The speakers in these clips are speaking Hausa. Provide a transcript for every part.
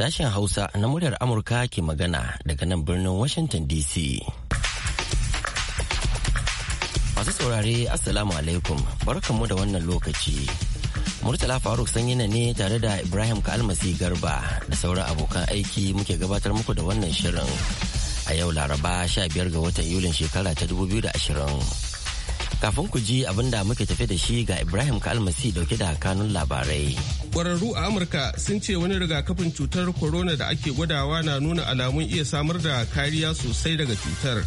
Sashen Hausa na muryar Amurka ke magana daga nan birnin Washington DC. Masu saurare, Assalamu alaikum, barkanmu da wannan lokaci. Murtala Faruk Sanyina ne tare da Ibrahim Kalmasi Garba da sauran abokan aiki muke gabatar muku da wannan shirin a yau Laraba 15 ga watan Yulin shekara ta 2020. Kafin ku ji abin da muke tafe da shi ga Ibrahim Kalmasi dauke da kanun labarai. Kwararru a Amurka sun ce wani rigakafin cutar corona da ake gwadawa na nuna alamun iya samar da kariya sosai daga cutar.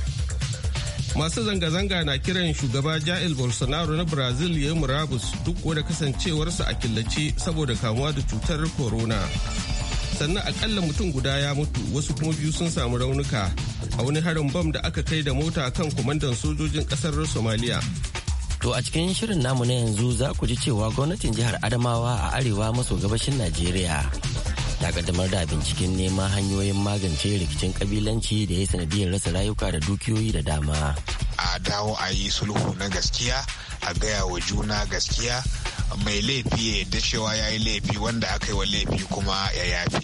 masu zanga-zanga na kiran shugaba jail bolsonaro na brazil ya murabus duk da kasancewarsa a killace saboda kamuwa da cutar corona sannan akalla mutum guda ya mutu wasu kuma biyu sun samu raunuka a wani harin bam da aka kai da mota kan kwamandan sojojin kasar Somalia. To a cikin shirin namu na yanzu za ku ji cewa gwamnatin jihar Adamawa a arewa maso gabashin Najeriya ta kaddamar da binciken neman hanyoyin magance rikicin kabilanci da ya sanadiyar rasa rayuka da dukiyoyi da dama a dawo a yi sulhu na gaskiya a gaya wa juna gaskiya mai laifi ya yadda cewa ya yi laifi wanda aka yi wa laifi kuma ya yafi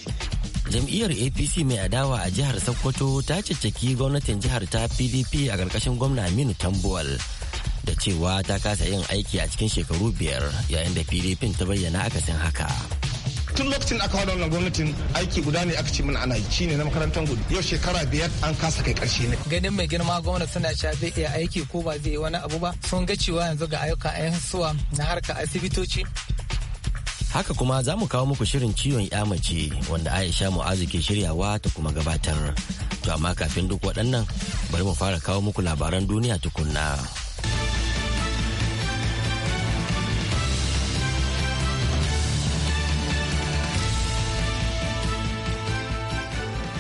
jam'iyyar apc mai adawa a jihar sokoto ta cicciki gwamnatin jihar ta pdp a karkashin gwamna aminu tambuwal da cewa ta kasa yin aiki a cikin shekaru biyar yayin da pdp ta bayyana akasin haka tun lokacin aka hada wannan gwamnatin aiki guda ne aka ce mana ana yi ne na makarantar gudu yau shekara biyar an kasa kai karshe ne ganin mai girma gwamna suna cewa zai iya aiki ko ba zai yi wani abu ba sun ga cewa yanzu ga ayyuka a suwa na harka asibitoci haka kuma za mu kawo muku shirin ciwon mace wanda aisha mu'azu ke shiryawa ta kuma gabatar to amma kafin duk waɗannan bari mu fara kawo muku labaran duniya tukunna.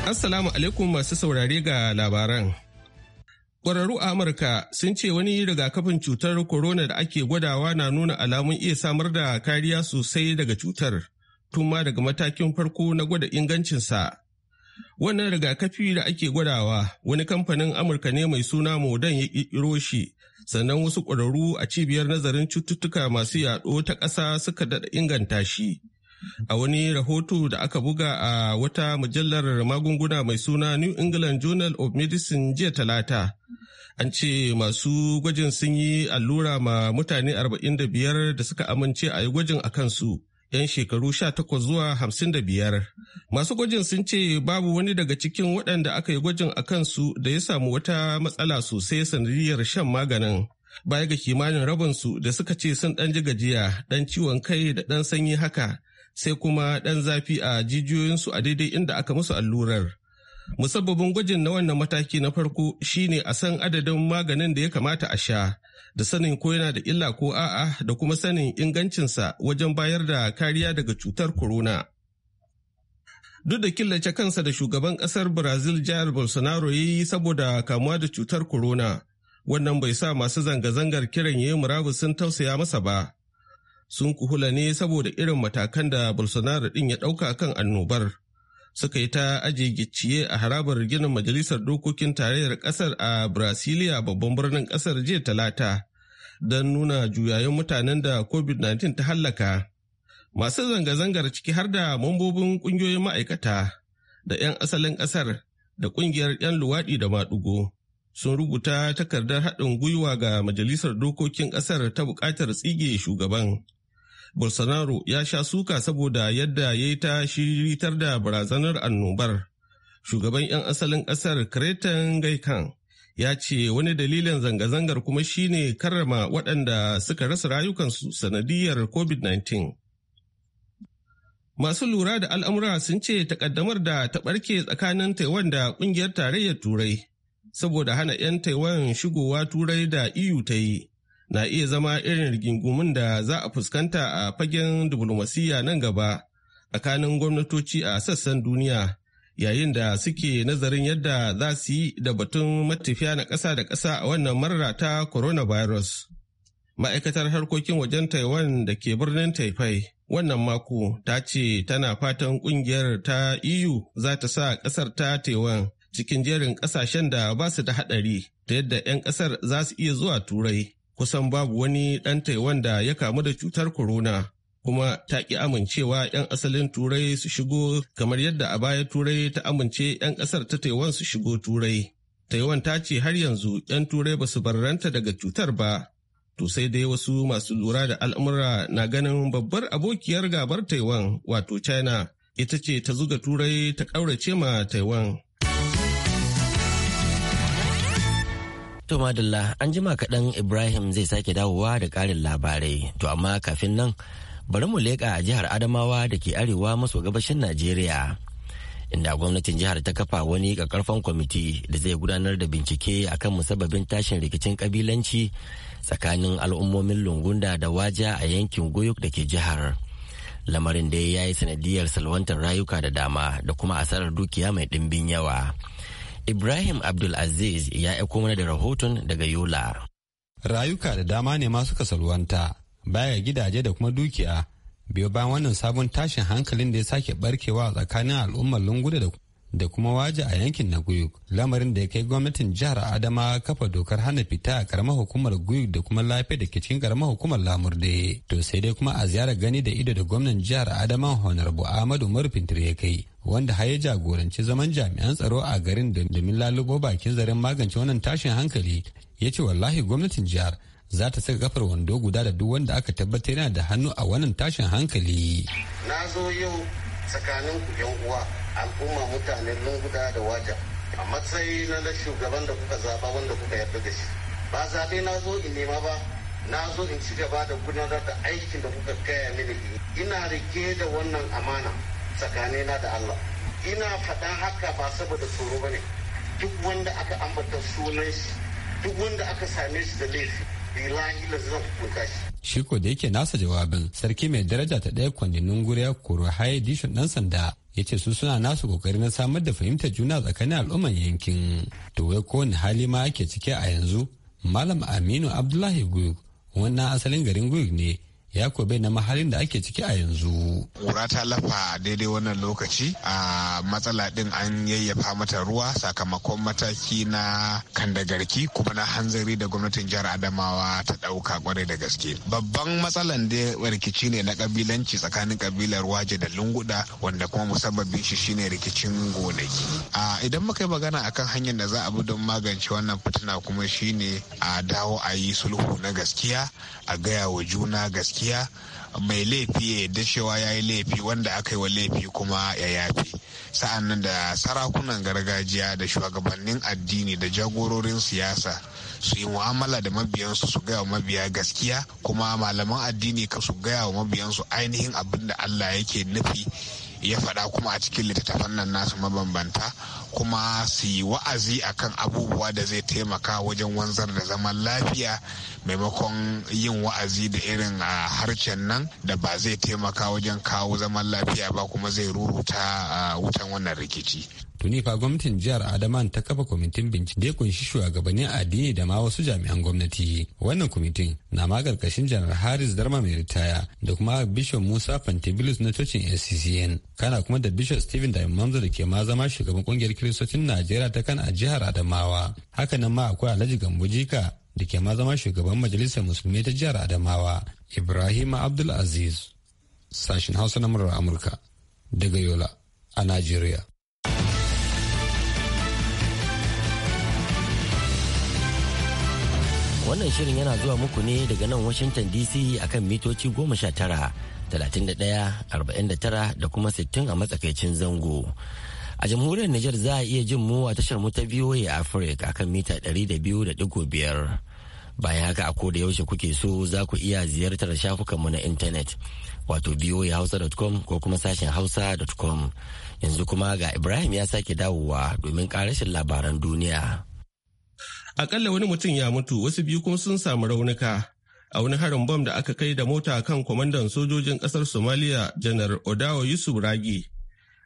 Assalamu alaikum masu saurare ga labaran. Ƙwararru a Amurka sun ce wani rigakafin cutar corona da ake gwadawa na nuna alamun iya samar da kariya sosai daga cutar, tun ma daga matakin farko na gwada ingancinsa. Wannan rigakafi da ake gwadawa wani kamfanin Amurka ne mai suna Modan ya ƙirƙiro shi, sannan wasu ƙwararru a cibiyar nazarin cututtuka masu yaɗo ta ƙasa suka daɗa inganta shi. A wani rahoto da aka buga a wata mujallar magunguna mai suna New England Journal of Medicine jiya talata, an ce masu gwajin sun yi allura ma mutane 45 da suka amince a yi gwajin a kansu. 'yan shekaru 18 zuwa hamsin da biyar. Masu gwajin sun ce babu wani daga cikin waɗanda aka yi gwajin a kansu da ya samu wata matsala sosai sanadiyar shan maganin. Baya ga kimanin rabinsu da suka ce sun ɗan ji gajiya, ɗan ciwon kai da ɗan sanyi haka sai kuma ɗan zafi a jijiyoyinsu a daidai inda aka musu allurar. Musabbabin gwajin na wannan mataki na farko shine a san adadin maganin da ya kamata a sha, da sanin ko yana da illa ko a'a da kuma sanin ingancinsa wajen bayar da kariya daga cutar corona. Duk da killace kansa da shugaban ƙasar Brazil Jair Bolsonaro ya yi saboda kamuwa da cutar corona, wannan bai sa masu zanga-zangar kiran yayi murabus sun tausaya masa ba. sun kuhula ne saboda irin matakan da Bolsonaro din ya ɗauka kan annobar. Suka yi ta aje gicciye a harabar ginin Majalisar Dokokin Tarayyar Ƙasar a Brasilia babban birnin ƙasar jiya talata don nuna juyayen mutanen da COVID-19 ta hallaka. Masu zanga-zangar ciki har da mambobin ƙungiyoyin ma'aikata da 'yan asalin ƙasar da ƙungiyar 'yan luwaɗi da maɗugo. sun rubuta takardar haɗin gwiwa ga Majalisar Dokokin ƙasar ta buƙatar tsige shugaban. Bolsonaro ya sha suka saboda yadda ya yi ta shiritar da barazanar annobar. Shugaban 'yan asalin ƙasar Cretan Gaikan ya ce wani dalilin zanga-zangar kuma shine karrama waɗanda suka rasa rayukansu sanadiyar COVID-19. Masu lura da al'amura sun ce takaddamar da ta ɓarke tsakanin Taiwan da ƙungiyar tarayyar Turai saboda hana 'yan Taiwan shigowa Turai da EU ta yi. na iya zama irin rigingumin da za a fuskanta a fagen diflomasiyya nan gaba tsakanin gwamnatoci a sassan duniya yayin da suke nazarin yadda za su yi da batun matafiya na ƙasa da ƙasa a wannan marra ta coronavirus. Ma'aikatar harkokin wajen Taiwan da ke birnin Taifai, wannan mako ta ce tana fatan ƙungiyar ta EU za ta sa ƙasar ta Taiwan cikin jerin ƙasashen da ba su da haɗari ta yadda 'yan ƙasar za su iya zuwa Turai. kusan babu wani ɗan taiwan da ya kamu da cutar korona. kuma ta ƙi amincewa 'yan asalin turai su shigo kamar yadda a baya turai ta amince 'yan ƙasar ta taiwan su shigo turai taiwan ta ce har yanzu 'yan turai ba su barranta daga cutar ba to sai dai wasu masu lura da al'amura na ganin babbar abokiyar gabar taiwan wato china ita ce ta zuga turai ta ƙaurace ma taiwan To madalla an jima kaɗan Ibrahim zai sake dawowa da ƙarin labarai. To amma kafin nan bari mu leƙa jihar Adamawa da ke arewa maso gabashin Najeriya. Inda gwamnatin jihar ta kafa wani ƙarƙarfan kwamiti da zai gudanar da bincike a akan musababin tashin rikicin ƙabilanci tsakanin al'ummomin lungunda da waja a yankin goyok da ke jihar. Lamarin da ya yi sanadiyar salwantar rayuka da dama da kuma asarar dukiya mai ɗimbin yawa. Ibrahim Abdulaziz ya aiko mana da rahoton daga Yola. Rayuka da dama ne masu kasalwanta baya gidaje da kuma dukiya biyo bayan wannan sabon tashin hankalin da ya sake barkewa tsakanin al'ummar lungu da da kuma waje a yankin na guyuk lamarin da ya kai gwamnatin jihar adama kafa dokar hana fita a karamar hukumar guyuk da kuma lafiya da ke cikin karamar hukumar lamurde to sai dai kuma a ziyarar gani da ido da gwamnan jihar adama honorable ahmadu marufintir ya kai wanda har ya jagoranci zaman jami'an tsaro a garin domin lalubo bakin zaren magance wannan tashin hankali ya ce wallahi gwamnatin jihar za ta saka kafar wando guda da duk wanda aka tabbatar yana da hannu a wannan tashin hankali na zo yau tsakanin ku yan uwa al'umma mutanen guda da waja a matsayi na na shugaban da kuka zaba wanda kuka yarda da shi ba zaɓe na zo in nema ba na zo in ci gaba da gudanar da aikin da kuka gaya mini ina rike da wannan amana tsakanina da Allah ina faɗa haka ba saboda tsoro ba ne duk wanda aka ambata sunan shi duk wanda aka same shi da laifi bilahi la zan shi shi da yake nasa jawabin sarki mai daraja ta ɗaya kwandinin guriya koro haye dishin ɗan sanda ya ce su suna nasu kokari na samar da fahimtar juna tsakanin al'umman yankin to wai kowane hali ma ake ciki a yanzu malam aminu abdullahi guyuk wannan asalin garin guyuk ne ya ko na mahalin da ake ciki a yanzu. Kura ta lafa daidai wannan lokaci a matsala din an yayyafa mata ruwa sakamakon mataki na kandagarki kuma na hanzari da gwamnatin jihar Adamawa ta dauka kwarai da gaske. Babban matsalan da rikici ne na kabilanci tsakanin kabilar waje da lunguda wanda kuma musabbabin shi shine rikicin gonaki. A idan muka yi magana akan hanyar da za a bi don magance wannan fitina kuma shine a dawo a yi sulhu na gaskiya a gaya wa juna gaskiya gaskiya mai laifi ya yarda cewa ya yi laifi wanda aka yi wa laifi kuma ya yafe sa'an nan da sarakunan gargajiya da shugabannin addini da jagororin siyasa su yi mu'amala da mabiyansu su gaya wa mabiya gaskiya kuma malaman addini ka su gaya wa mabiyansu ainihin abin da allah yake nufi ya faɗa kuma a cikin littattafan nan nasu mabambanta kuma su yi wa'azi akan abubuwa da zai taimaka wajen wanzar da zaman lafiya maimakon yin wa'azi da irin a harshen nan da ba zai taimaka wajen kawo zaman lafiya ba kuma zai ruruta wutan wannan rikici tuni fa gwamnatin jihar adaman ta kafa kwamitin bincike ya kunshi shugabannin addini da ma wasu jami'an gwamnati wannan kwamitin na ma karkashin janar haris darma mai ritaya da kuma bishop musa fantibilus na cocin sccn kana kuma da bishop stephen da mamza da ke ma zama shugaban kungiyar kiristocin najeriya ta kan a jihar adamawa hakanan ma akwai alhaji gambo jika da ke ma zama shugaban majalisar musulmi ta jihar adamawa ibrahim abdul aziz sashen hausa na murar amurka daga yola a najeriya Wannan shirin yana zuwa muku ne daga nan Washington DC akan mitoci goma sha tara, talatin da ɗaya, arba'in tara da kuma sittin a matsakaicin zango. A jamhuriyar Nijar za a iya jin mu a tashar mu ta VOA Africa akan mita ɗari da biyu da ɗigo Bayan haka a da yaushe kuke so za ku iya ziyartar shafukanmu na intanet wato voahausa.com ko kuma sashen hausa.com. Yanzu kuma ga Ibrahim ya sake dawowa domin ƙarashin labaran duniya. Akalla wani mutum ya mutu wasu biyu kuma sun samu raunuka a wani harin bom da aka kai da mota kan kwamandan sojojin kasar Somaliya janar Odawa Yusuf Ragi.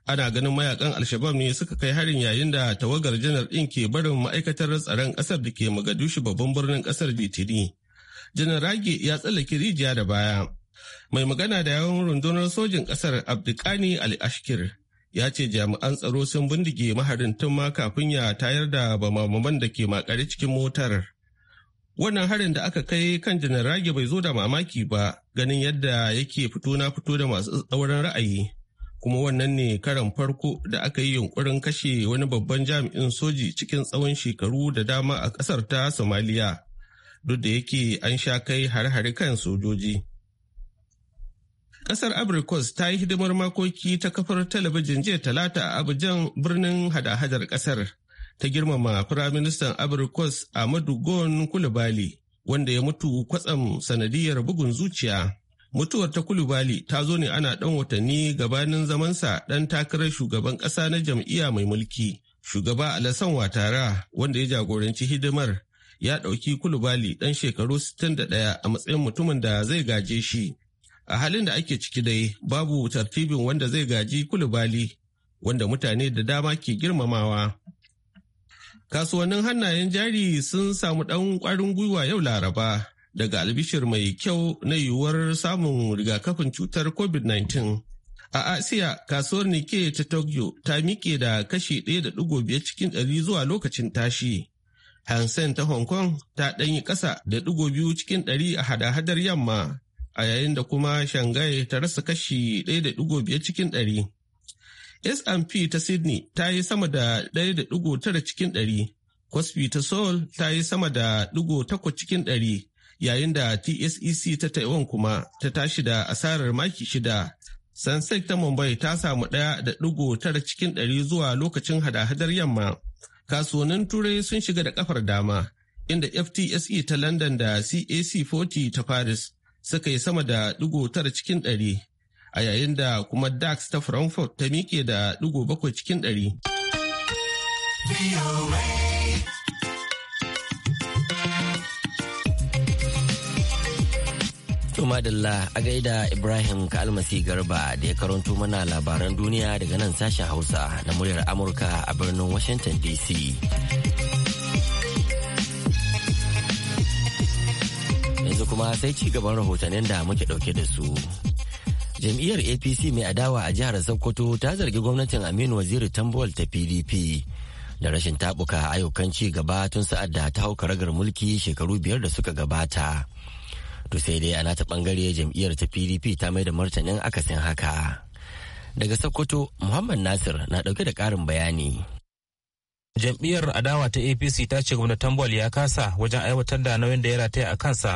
Ana ganin mayakan Alshabab ne suka kai harin yayin da tawagar janar ɗin ke barin ma'aikatar tsaron ƙasar da ke Mogadishu babban birnin ƙasar Litini. Janar Ragi ya tsallake rijiya da baya. Mai magana da yawon rundunar sojin ƙasar Abdulkani al Ashkir ya ce jami'an tsaro sun bindige maharin tun ma kafin ya tayar da bamaman da ke makare cikin motar. Wannan harin da aka kai kan janar rage bai zo da mamaki ba ganin yadda yake fito na fito da masu tsauran ra'ayi. Kuma wannan ne karan farko da aka yi yunkurin kashe wani babban jami'in soji cikin tsawon shekaru da dama a ƙasar ta Somaliya. Duk da yake an sha kai har hari kan sojoji. Kasar Abrikos ta yi hidimar makoki ta kafar talabijin jiya talata a Abujan birnin hada-hadar ƙasar ta girmama Firaministan Abrikos Amadu Gon Kulubali wanda ya mutu kwatsam sanadiyar bugun zuciya. Mutuwar ta Kulubali ta zo ne ana ɗan watanni gabanin zamansa ɗan takarar shugaban ƙasa na jam'iyya mai mulki. Shugaba Alasan Watara wanda ya jagoranci hidimar ya ɗauki Kulubali ɗan shekaru 61 a matsayin mutumin da zai gaje shi. a halin da ake ciki dai babu tartibin wanda zai gaji kulubali wanda mutane da dama ke girmamawa kasuwannin hannayen jari sun samu ɗan ƙwarin gwiwa yau laraba daga albishir mai kyau na yiwuwar samun rigakafin cutar covid-19 a asiya kasuwar nike ta tokyo ta miƙe da kashi ɗaya 1.5 cikin 100 zuwa lokacin tashi hansen ta hong kong ta ɗanyi ƙasa da ɗigo biyu cikin ɗari a hada-hadar yamma a yayin da kuma Shanghai ta rasa kashi 1.5 cikin 100 S&P ta Sydney ta yi sama da 1.9 cikin 100 Kospi ta Seoul ta yi sama da 1.8 cikin 100 yayin da TSEC ta Taiwan kuma ta tashi da asarar maki shida. Sansek ta Mumbai ta samu ɗaya da ɗigo tara cikin ɗari zuwa lokacin hada-hadar yamma. Kasuwannin Turai sun shiga da kafar dama, inda FTSE ta London da CAC 40 ta Paris suka yi sama da digo tara cikin ɗari a yayin da kuma dax ta frankfurt ta miƙe da digo bakwai cikin ɗari. madalla a gaida Ibrahim Kalmasi Garba da ya karanto mana labaran duniya daga nan sashen Hausa na muryar Amurka a birnin Washington DC. kuma sai ci gaban rahotannin da muke dauke da su. Jam'iyyar APC mai adawa a jihar Sokoto ta zargi gwamnatin Aminu Waziri Tambuwal ta PDP da rashin tabuka ayyukan ci gaba tun sa'ad da ta hau ragar mulki shekaru biyar da suka gabata. To sai dai ana ta bangare jam'iyyar ta PDP ta mai da martanin akasin haka. Daga Sokoto, Muhammad Nasir na dauke da karin bayani. Jam'iyyar adawa ta APC ta ce gwamnatin Tambol ya kasa wajen aiwatar da nauyin da ya rataya a kansa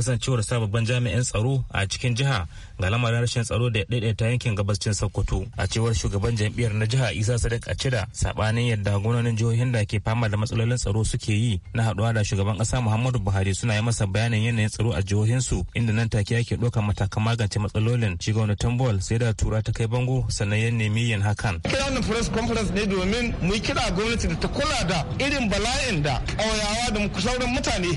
kasancewar sababbin jami'an tsaro a cikin jiha ga lamarin rashin tsaro da ta yankin gabashin sokoto a cewar shugaban jam'iyyar na jiha isa sadiq cida sabanin yadda gwamnonin jihohin da ke fama da matsalolin tsaro suke yi na haduwa da shugaban kasa muhammadu buhari suna yi masa bayanin yanayin tsaro a jihohinsu inda nan take yake ɗaukar matakan magance matsalolin shi wani tambol sai da tura ta kai bango sannan ya nemi yin hakan. kira wannan press conference ne domin mu kira gwamnati da ta kula da irin bala'in da ƙauyawa da sauran mutane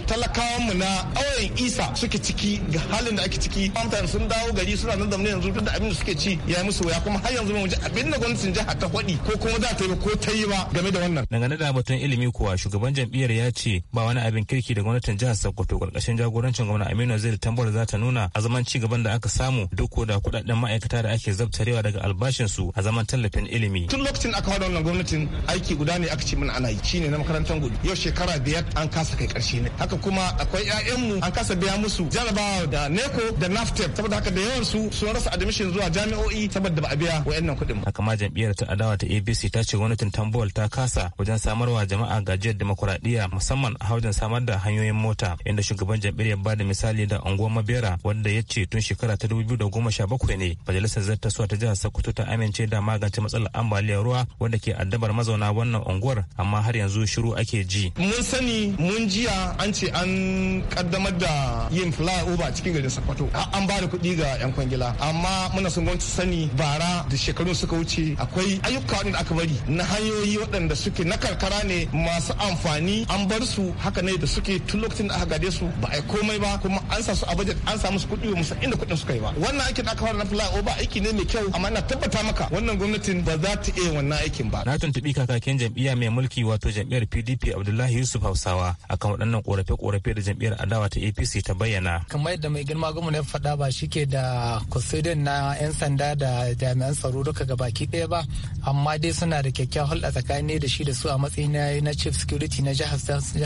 mu na ƙauyen isa suke ciki ga halin da ake ciki mutane sun dawo gari suna nan da yanzu duk da abin da suke ci ya yi musu waya kuma har yanzu mun ji abin da gwamnatin jiha ta faɗi ko kuma za ta yi ko ta yi ba game da wannan dangane da batun ilimi kuwa shugaban jam'iyyar ya ce ba wani abin kirki da gwamnatin jihar Sokoto karkashin jagorancin gwamna Aminu Zaid Tambuwal za ta nuna a zaman ci gaban da aka samu duk ko da kudaden ma'aikata da ake zabtarewa daga albashin su a zaman tallafin ilimi tun lokacin aka fara wannan gwamnatin aiki guda ne aka ci mana ana yi shine na makarantar gudu yau shekara biyar an kasa kai karshe ne haka kuma akwai 'ya'yanmu an kasa biya musu jarabawa da neko da naftep saboda haka da yawan su sun rasa admission zuwa jami'o'i saboda ba a biya wayannan kuɗin. Haka ma jam'iyyar ta adawa ta ABC ta ce gwamnatin Tambol ta kasa wajen samarwa jama'a gajiyar demokuraɗiyya musamman a haujin samar da hanyoyin mota inda shugaban jam'iyyar ba da misali da unguwar Mabera wanda ya ce tun shekara ta dubu biyu da goma sha bakwai ne majalisar zartaswa ta jihar Sokoto ta amince da magance matsalar ambaliyar ruwa wanda ke addabar mazauna wannan unguwar amma har yanzu shiru ake ji. Mun sani mun jiya an ce an kaddamar da yin flyover cikin garin Sokoto an ba da kuɗi ga yan kwangila amma muna son gwamnati sani bara da shekarun suka wuce akwai ayyuka waɗanda aka bari na hanyoyi waɗanda suke na karkara ne masu amfani an bar su haka ne da suke tun lokacin da aka gade su ba a komai ba kuma an sa su a budget an samu su kuɗi musu inda kuɗin suka yi ba wannan aikin da aka fara na flyover aiki ne mai kyau amma ina tabbata maka wannan gwamnatin ba za ta iya wannan aikin ba na tuntuɓi kakakin jam'iyya mai mulki wato jam'iyyar PDP Abdullahi Yusuf Hausawa akan waɗannan korafe-korafe da jam'iyyar adawa ta APC ta ta bayyana. Kamar yadda mai girma gwamna ya faɗa ba shi ke da kusurin na 'yan sanda da jami'an tsaro duka ga baki ɗaya ba amma dai suna da kyakkyawan hulɗa tsakanin da shi da su a matsayin na chief security na jihar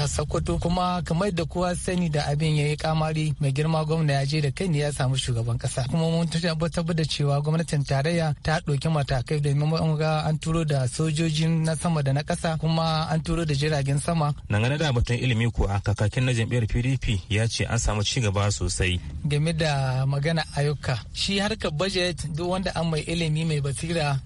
Sokoto kuma kamar da kowa sani da abin ya yi kamari mai girma gwamna ya je da kai ne ya samu shugaban kasa kuma mun tabbatar da cewa gwamnatin tarayya ta ɗauki matakai da mun ga an turo da sojojin na sama da na kasa kuma an turo da jiragen sama. Dangane da batun ilimi ko a kakakin na jam'iyyar PDP ya ce an samu samu ci gaba sosai game da magana ayyuka shi harkar budget duk wanda an mai ilimi mai basira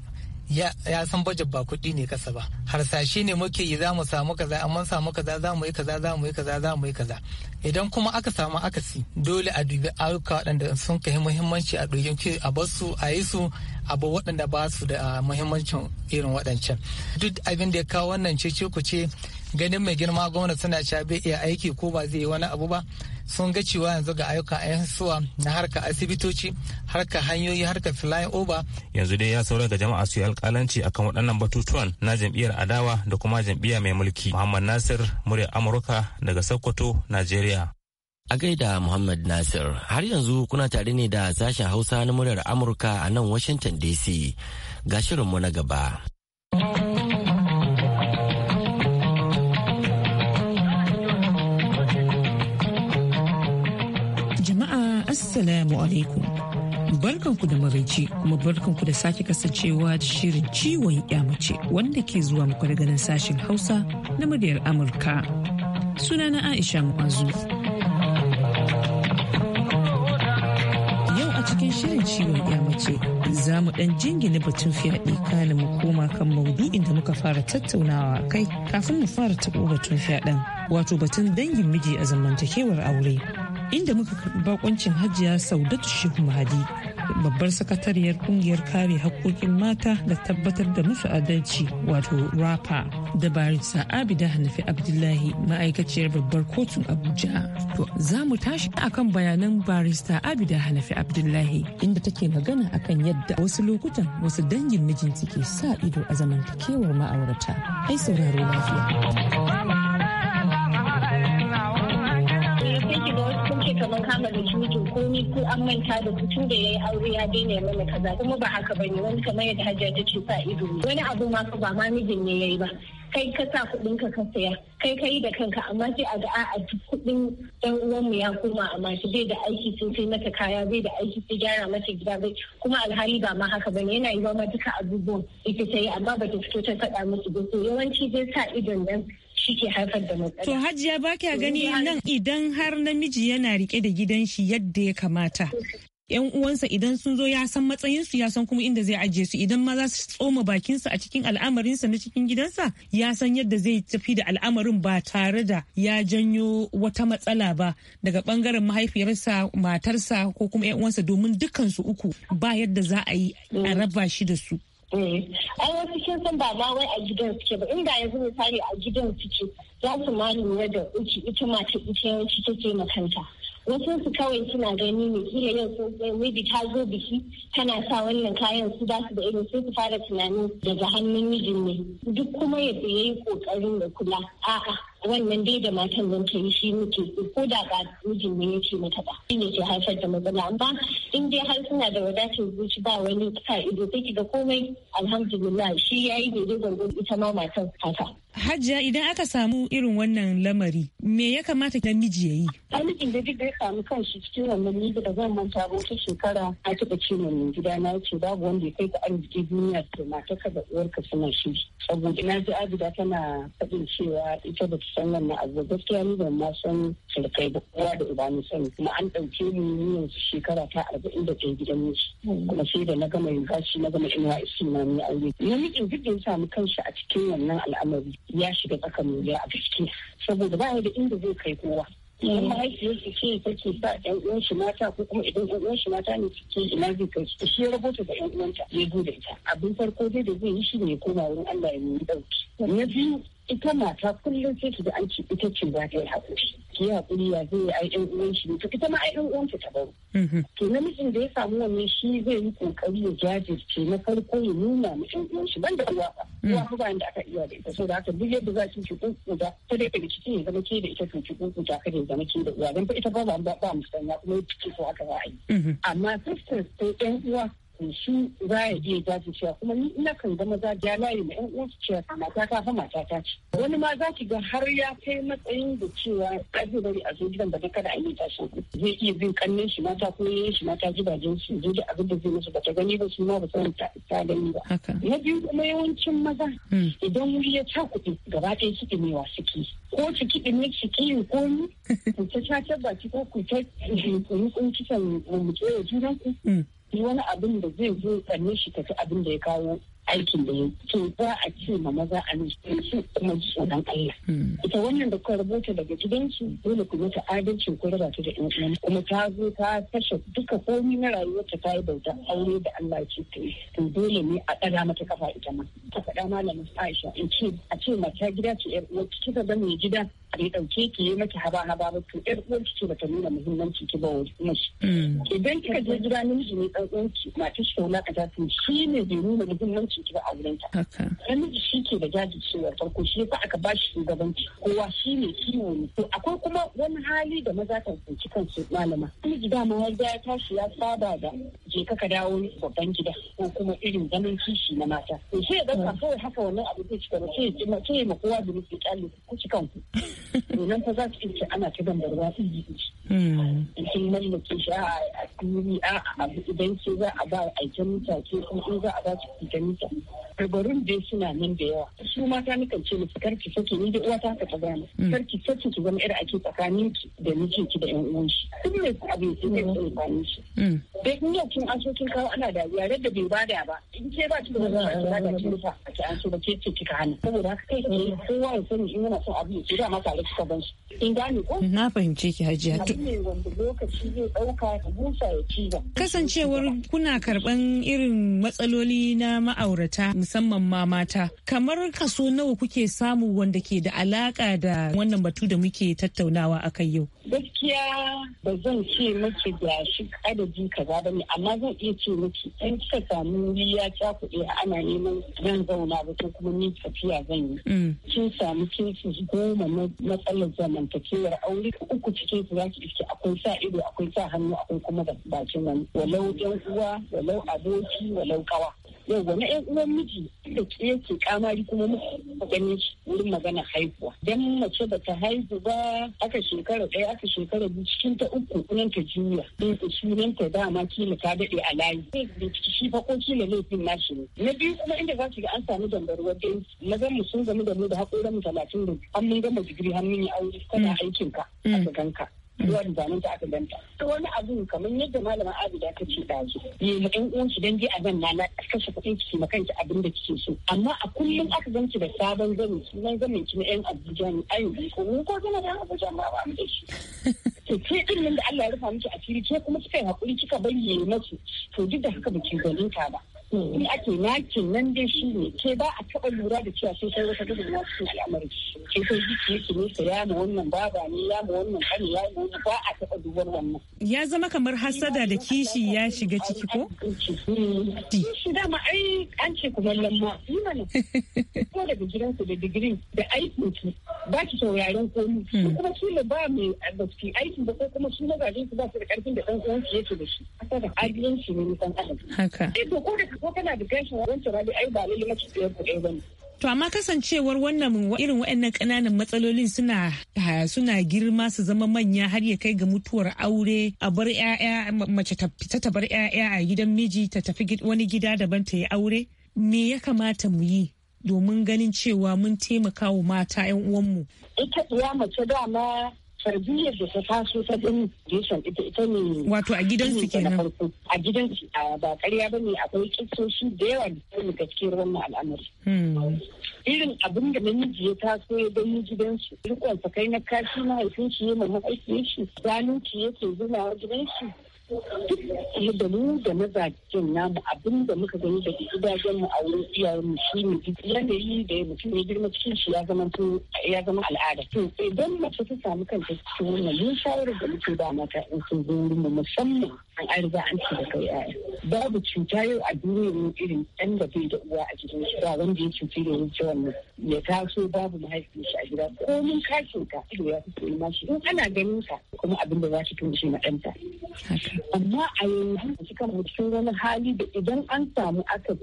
ya san budget ba kuɗi ne kasa ba harsashi ne muke yi za mu samu kaza amma samu kaza za mu yi kaza za mu yi kaza za yi kaza idan kuma aka samu akasi dole a dubi ayyuka waɗanda sun kai muhimmanci a ɗoyin a bar su a yi su abu waɗanda ba su da ah, muhimmancin irin waɗancan duk abin da ya kawo wannan ce ku ce ganin mai girma gwamna suna cewa bai iya aiki ko ba zai yi wani abu ba sun ga cewa yanzu ga ayyuka ayan suwa na harka asibitoci harka hanyoyi harka flying over yanzu dai ya saura ga jama'a su yi alkalanci akan waɗannan batutuwan na jam'iyyar adawa da kuma jam'iyya mai mulki muhammad nasir murya amurka daga sokoto najeriya a gaida muhammad nasir har yanzu kuna tare ne da sashen hausa na muryar amurka a nan washington dc ga shirinmu na gaba Assalamu alaikum. Barkanku da maraici kuma barkanku da sake kasancewa da shirin ciwon mace wanda ke zuwa muku daga nan sashen Hausa na muryar Amurka. Sunana Aisha Mu'azu. Yau a cikin shirin ciwon mace za mu ɗan jingina batun fyaɗe kana mu koma kan maudu'in inda muka fara tattaunawa kai kafin mu fara taɓo batun fyaɗen wato batun dangin miji a zamantakewar aure. inda muka karɓi bakuncin hajiya saudatu shehu mahadi babbar sakatariyar kungiyar kare haƙƙoƙin mata da tabbatar da musu adalci wato rapa da barisa abida hanafi abdullahi ma'aikaciyar babbar kotun abuja to za mu tashi akan bayanan barista abida hanafi abdullahi inda take magana akan yadda wasu lokutan wasu dangin mijinta ke sa ido a zamantakewar ma'aurata ai sauraro lafiya da komi ko an manta da butu da yayi aure ya daina mana kaza kuma ba haka bane wani kamar yadda hajiya ta ce sa ido wani abu ma ba ma mijin ne yayi ba kai ka sa kuɗin ka ka saya kai ka yi da kanka amma sai a ga a kuɗin ɗan uwan mu ya koma amma shi bai da aiki sun sai mata kaya bai da aiki sai gyara mata gida bai kuma alhali ba ma haka bane yana yi yiwa ma duka abubuwan ita ta yi amma ba ta fito ta faɗa musu ba yawanci zai sa idon nan shi haifar da matsala. To Hajiya ba kya gani nan idan har namiji yana rike da gidan shi yadda ya kamata. yan uwansa idan sun zo ya san matsayinsu ya san kuma inda zai ajiye su idan ma za su tsoma bakinsa a cikin al'amarinsa na cikin gidansa ya san yadda zai tafi da al'amarin ba tare da ya janyo wata matsala ba daga bangaren mahaifiyarsa matarsa ko kuma yan uwansa domin dukansu uku ba yadda za a yi a raba shi da su Eh, a wasu kin san ba ma wai a gidan suke ba inda yanzu misali a gidan suke za su ma lura da uki ita mace ita yawanci take makanta wasu su kawai suna gani ne kila yau sun tsaye eh, maybe ta zo biki tana sa wannan kayan su ba su da irin sai su fara tunanin daga hannun mijin ne duk kuma ya yi kokarin da kula a'a wannan dai da matan mun ta yi shi muke ko da ba mijin ne yake mata ba shi ne ke haifar da magana. amma in dai har suna da wadatar zuci ba wani ka ido sai ki ga komai alhamdulillah shi ya yayi daidai gwargwado ita ma matan haka Hajiya idan aka samu irin wannan lamari me ya kamata ta miji ya yi? mijin da duk ya samu kanshi cikin wannan miji da zan manta ba wata shekara a taɓa ce mai gida na ce babu wanda ya kai ka arziki duniya to mata ka da uwarka suna shi. Saboda na ji Abida tana faɗin cewa ita ba san wannan abu gaskiya ni ban ma san surkai ba kowa da uba ni sani kuma an ɗauke ni ni yanzu shekara ta arba'in da kai gidan musu. kuma sai da na gama gashi na gama isi na ni aure ni mijin duk da ya samu kanshi a cikin wannan al'amari ya shiga tsakan ya a gaskiya saboda ba da inda zai kai kowa amma mahaifiyar su ce take sa yan uwan shi mata ko kuma idan yan uwan shi mata ne ce ina zai kai su shi rubuta da yan uwanta ya gode da ita abin farko dai da zai yi shi ne koma wurin Allah ya nemi ɗauki. na biyu ita mata kullum sai ki da an ci ita ce ba ta yi haƙuri ki yi haƙuri ya zai ai ɗan uwan shi to ita ma ai ɗan uwan ta baro mm-hmm. to namijin da ya samu wannan shi zai yi kokari ya jajirce na farko ya nuna mu ɗan uwan shi ban da uwa ba mm. uwa ba da aka iya da ita saboda haka duk yadda za ki ci kukuta ta dai daga cikin ya zama ke da ita ki kukuta ka ya zama ke da uwa dan fa ita ba ba ba musanya kuma ya ci ko haka yi mm-hmm. amma sisters ko ɗan uwa kafin su za ya iya dace cewa kuma ni ina kan zama za ya layi na yan uwansu cewa mata ta fa mata ta ce wani ma za ki ga har ya kai matsayin da cewa ƙarfi bari a zo gidan ba dai kada a yi tashin zai iya bin kannin shi mata ko yayin shi mata gidajen su zai da abin da zai musu bata gani ba su ma ba san ta gani ba na biyu kuma yawancin maza hmm. idan wuri ya ta kuɗi gaba ɗaya su ko su kiɗi ne su kiyin komi ku ta ta baki ko ku ta yi kun kisan mu ke junan ku hmm. yi wani abin da zai zo tsanne shi tafi abin da ya kawo aikin da ya to za a ce ma maza a nan su kuma ji tsoron Allah. Hmm. Ita wannan da kuka rubuta daga gidansu dole ku mata adalcin ko raba ta da ɗan uwan kuma ta zo ta kashe duka komai na rayuwarta ta yi bauta aure da Allah ce ta yi to dole ne a ɗaga mata kafa ita ma. Ta faɗa malamin Aisha in ce a ce mata gida ce ‘yar uwa kika ga mai gida ya dauke ki yi maki haba haba ba to yar uwanki ce bata nuna muhimmanci ki ba wa mashi mm. idan kika je gida namiji ne dan uwanki matar shi wala ka tun shi ne bai nuna muhimmanci ki ba a wurin ta namiji shi ke da jajircewar farko shi yasa aka bashi shugabanci kowa shi ne kiwo ne to akwai kuma wani hali da maza kan tsinci kansu malama namiji dama ya ya tashi ya saba da je ka dawo babban gida ko kuma irin zaman kishi na mata to sai ya dauka kawai haka wannan abu zai cika ba sai ya ma kowa da nufi kyale ku cikan domin fa za su ce ana ta gambar za su yi shi hmm. in sun mallake shi a duri a abu idan ce za a ba a ita mita ke kuma in za a ba su ke mita barbarun dai suna nan da yawa su mata nukan ce musu karki sake ni da uwa ta ka ta gane hmm. karki sake ki zama yar ake tsakanin ki da mijin ki da yan uwan shi duk ne abin su ne su bani shi bai hmm. in yau kin an so kin kawo ana da yare da bai bada ba in ke ba ki da wani ba da kin ta ki ke so ba ke ce ka hana saboda haka kai ke kowa ya sani in yana son abin ki da masa tare su. In ko? Na fahimce ki hajiya. Na ne wanda lokaci zai ɗauka musa ya ci Kasancewar kuna karɓan irin matsaloli na ma'aurata musamman ma mata. Kamar kaso nawa kuke samu wanda ke da alaƙa da wannan batu da muke tattaunawa a kai yau. Gaskiya ba zan ce miki da shi adadi kaza ba ne amma zan iya ce miki in kika samu ni ya cakuɗe ana neman zan zauna ba ko kuma ni tafiya zan yi. Mm. Kin samu kinki goma na matsalar zamantakewar aure uku cikin su su iske akwai sa ido akwai sa hannu akwai kuma da bakin wani walau yan uwa walau aboki walau kawa yauwa na yan uwan miji da yake kamari kuma muka gani wurin magana haihuwa dan mace ba ta haihu ba aka shekara ɗaya aka shekara biyu cikin ta uku sunan ta juya eh, sunan ta dama kila ta daɗe a layi zai eh, shi fa ko kila laifin nashi ne na biyu kuma inda za ki ga an samu dambarwar dai mazan mu sun gamu da mu da haƙoran mu talatin da an mun gama digiri har mun yi aure kana mm. aikin ka a mm. ka zuwa da zanen ta aka danta wani abu kamar yadda malama abida ta ce dazu ne mu ɗan uwanki dan je a nan na na kashe kuɗin ki ma kanki abin da kike so amma a kullum aka ganki da sabon zani sunan zanin ki na yan abuja ne ayi ko mu ko zama da abuja ma ba mu da shi to ke ɗin da Allah ya rufa miki fili ko kuma kika yi hakuri kika bayyana su to duk da haka baki ganin ta ba Ni ake nakin nan dai shi ne ke ba a taɓa lura da cewa sai sai wata gudunmawa cikin al'amari. Sai jiki yake ne ka mu wannan baba ne mu wannan kani yama wannan ba a dubar wannan. Ya zama kamar hasada da kishi ya shiga ciki ko? Kishi dama ai an ce kuma lamma. kumallon ma. Ko daga gidansu da digiri da aikin ki ba ki sauraron komi. Hmm. Kuma su ne ba mai abaski aikin ba ko kuma su mazajen su ba su da karfin da ɗan uwan ki yake da shi. Hasada adilanci ne nisan adam. Haka. Eh to ko da ko kana da gashin wancan rabi ai ba lalle mace ɗaya ko ɗaya ba ne. To amma kasancewar wannan irin waɗannan ƙananan matsalolin suna suna girma su zama manya har ya kai ga mutuwar aure a bar 'ya'ya mace ta fita ta bar ƴaƴa a gidan miji ta tafi wani gida daban ta yi aure me ya kamata mu yi domin ganin cewa mun taimaka wa mata 'yan uwanmu. Ita iya mace dama sarjiyar da ta taso ta ɗin jason ita ita ne wato a gidan su kenan a gidan su ba karya ba ne akwai kitsoshi da yawa da gaske ruwan mu al'amari hmm. irin abin da namiji ya taso ya gani gidansu rikon sakai na kashi mahaifin shi ya mamman aiki shi zanunci yake zunawa gidan shi da mu da mazajen namu abin da muka gani da gidajen mu a wurin iyayen mu shi ne yanayi da ya mutum ya girma cikin shi ya zama ya zama al'ada to idan mace ta samu kanta cikin wannan mun shawarar da muke ba mata in sun zo wurin mu musamman an riga an ci da kai yaya babu cuta yau a duniya ne irin ɗan da bai da uwa a cikin shi ba wanda ya cuci da nan. Me ya taso babu mahaifin shi a gida ko mun kashin ka ido ya fito ma shi in ana ganin ka kuma abin da za ki tun shi na ɗanta amma a yanzu suka mutu wani hali da idan an samu aka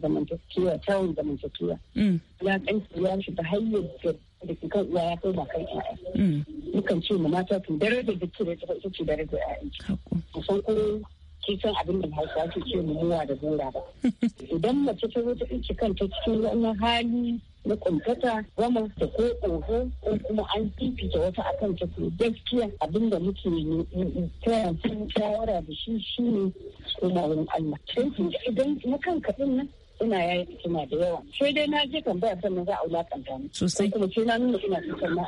zamantakewa tawon zamantakewa mm. ya ɗan ya shi ta hanyar da ke kan uwa ya kai ba kai Mukan ce mu mata tun dare da ke da ita ce darajar ƴaƴanki. Kusan ko san abin da hausa ke ce muwa da gora ba. Idan mace ta zo ta ɗauki kanta cikin wani hali na kuntata gama da ko oho ko kuma an fifita wata akan ta ko gaskiya abin da muke taya sun shawara da shi shi ne kuma wani Allah. idan na kan kaɗin nan ina yayi hikima da yawa sai dai na je kan baya sannan za a wulakanta ni sosai kuma sai na nuna ina cikin na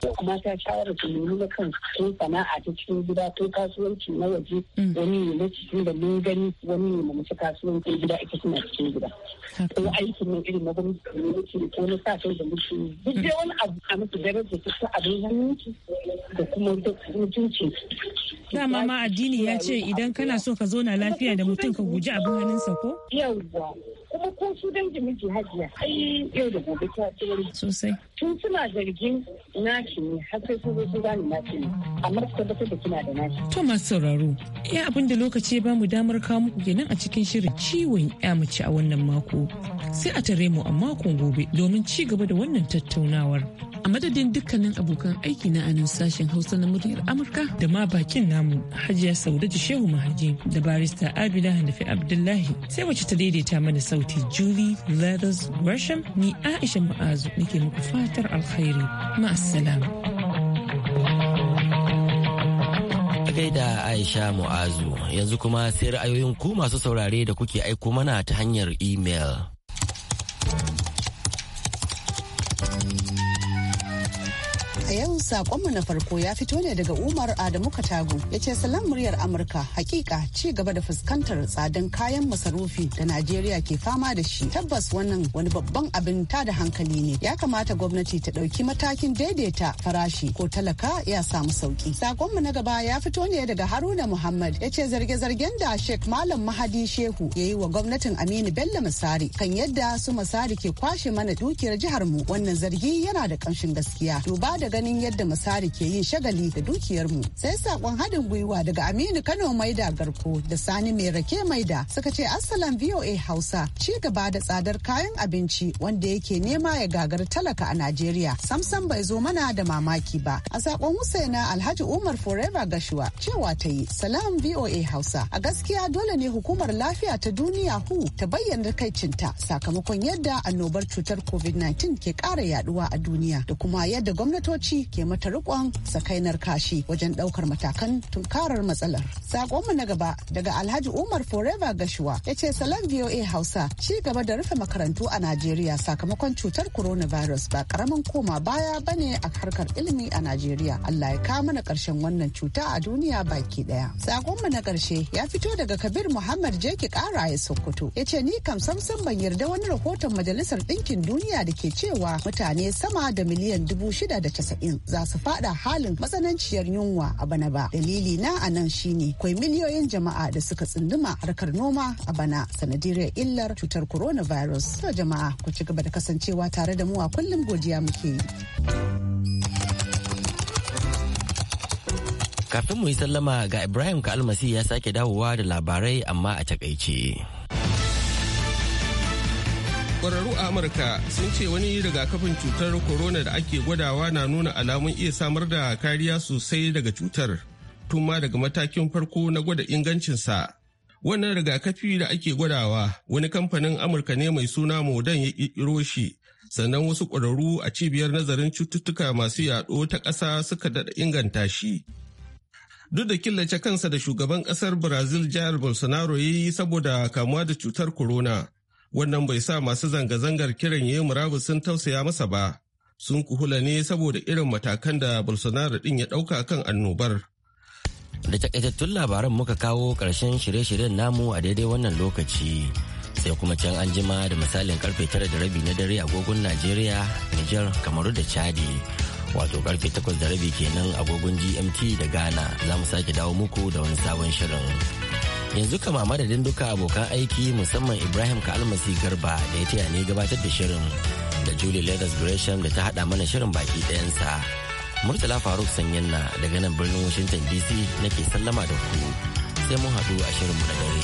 ko kuma ta shawara ta nuna na kan ko sana'a ta cikin gida ko kasuwanci na waje mm. wani ne na cikin da mun gani wani ne mun ci kasuwanci gida ita suna cikin gida ko aikin nan irin na gwamnati ne muke ko na sa kai da muke duk dai wani abu a musu daraja ta sa abin ki. da kuma ta mutunci dama ma addini ya ce idan kana so ka zo na lafiya da mutum ka guji abin hannunsa ko yawwa kuma kun su dangi miji hajiya ai yau da gobe ta tsoro sosai tun suna zargin naki ne har sai sun zo sun gane naki ne amma su tabbatar da kina da naki. To masu sauraro, ya abin da lokaci ba mu damar kawo muku kenan a cikin shirin ciwon ya mace a wannan mako. Sai a tare mu a makon gobe domin ci gaba da wannan tattaunawar. A madadin dukkanin abokan aiki na anan sashen Hausa na muryar Amurka da ma bakin namu Hajiya Saudatu Shehu Mahaji da barista Abida Hanafi Abdullahi sai wacce ta daidaita mana sauti Julie Leathers Gresham ni Aisha Ma'azu nake muku fara الخيري مع السلامة gaida Aisha Mu'azu yanzu kuma sai ra'ayoyin ku masu saurare da kuke aiko mana ta hanyar imel. yau sakonmu na farko ya fito ne daga Umar Adamu Katagu ya ce salam muryar Amurka hakika ci gaba da fuskantar tsadan kayan masarufi da Najeriya ke fama da shi. Tabbas wannan wani babban abin ta da hankali ne. Ya kamata gwamnati ta ɗauki matakin daidaita farashi ko talaka ya samu sauki. Sakonmu na gaba ya fito ne daga Haruna Muhammad ya ce zarge-zargen da Sheikh Malam Mahadi Shehu ya yi wa gwamnatin Aminu Bello Masari kan yadda su Masari ke kwashe mana dukiyar jihar mu wannan zargi yana da ƙamshin gaskiya. Duba da ganin yadda misali ke yin shagali da dukiyarmu sai sakon haɗin gwiwa daga aminu kano maida garko da sani mai rake maida suka ce assalam voa hausa ci gaba da tsadar kayan abinci wanda yake nema ya gagar talaka a najeriya samsam bai zo mana da mamaki ba a sakon husaina alhaji umar forever gashuwa cewa ta yi salam voa hausa a gaskiya dole ne hukumar lafiya ta duniya hu ta bayyana kaicinta sakamakon yadda annobar cutar covid-19 ke ƙara yaduwa a duniya da kuma yadda gwamnatoci kashi ke mata rikon sakainar kashi wajen ɗaukar matakan tunkarar matsalar. Sakonmu na gaba daga Alhaji Umar Forever Gashuwa ya ce salon VOA Hausa ci gaba da rufe makarantu a Najeriya sakamakon cutar coronavirus ba karamin koma baya ba ne a harkar ilimi a Najeriya. Allah ya kawo mana karshen wannan cuta a duniya baki ɗaya. Sakonmu na ƙarshe ya fito daga Kabir Muhammad Jeki Kara ya Sokoto ya ce ni kam samsam ban yarda wani rahoton Majalisar Ɗinkin Duniya da ke cewa mutane sama da miliyan dubu shida da casa casa'in za su fada halin matsananciyar yunwa a bana ba dalili na a nan shine kwai miliyoyin jama'a da suka tsunduma harkar noma a bana sanadiyar illar cutar coronavirus to jama'a ku ci gaba da kasancewa tare da mu a kullum godiya muke yi. kafin mu yi sallama ga ibrahim ka almasi ya sake dawowa da labarai amma a takaice. kwararru a amurka sun ce wani rigakafin cutar corona da ake gwadawa na nuna alamun iya samar da kariya sosai daga cutar tun daga matakin farko na gwada ingancinsa wannan rigakafi da ake gwadawa wani kamfanin amurka ne mai suna modan ya kirkiro shi sannan wasu kwararru a cibiyar nazarin cututtuka masu yaɗo ta ƙasa suka daɗa inganta shi duk da killace kansa da shugaban ƙasar brazil jihar bolsonaro ya yi saboda kamuwa da cutar corona Wannan bai sa masu zanga-zangar kiran ya yi murabus sun tausaya masa ba. Sun kuhula ne saboda irin matakan da Bolsonaro ɗin ya ɗauka kan annobar. Da takaitattun labaran muka kawo karshen shirye-shiryen namu a daidai wannan lokaci. Sai kuma can an jima da misalin karfe tara da rabi na dare agogon Najeriya, niger Kamaru da Chadi. wato karfe takwas da rabi kenan agogon gmt da ghana za mu sake dawo muku da wani sabon shirin yanzu kama madadin duka abokan aiki musamman ibrahim kalmasi garba da ya taya ne gabatar da shirin da julie leathers gresham da ta hada mana shirin baki ɗayansa murtala faruk sanyin daga nan birnin washington dc nake sallama da ku sai mun haɗu a shirinmu na dare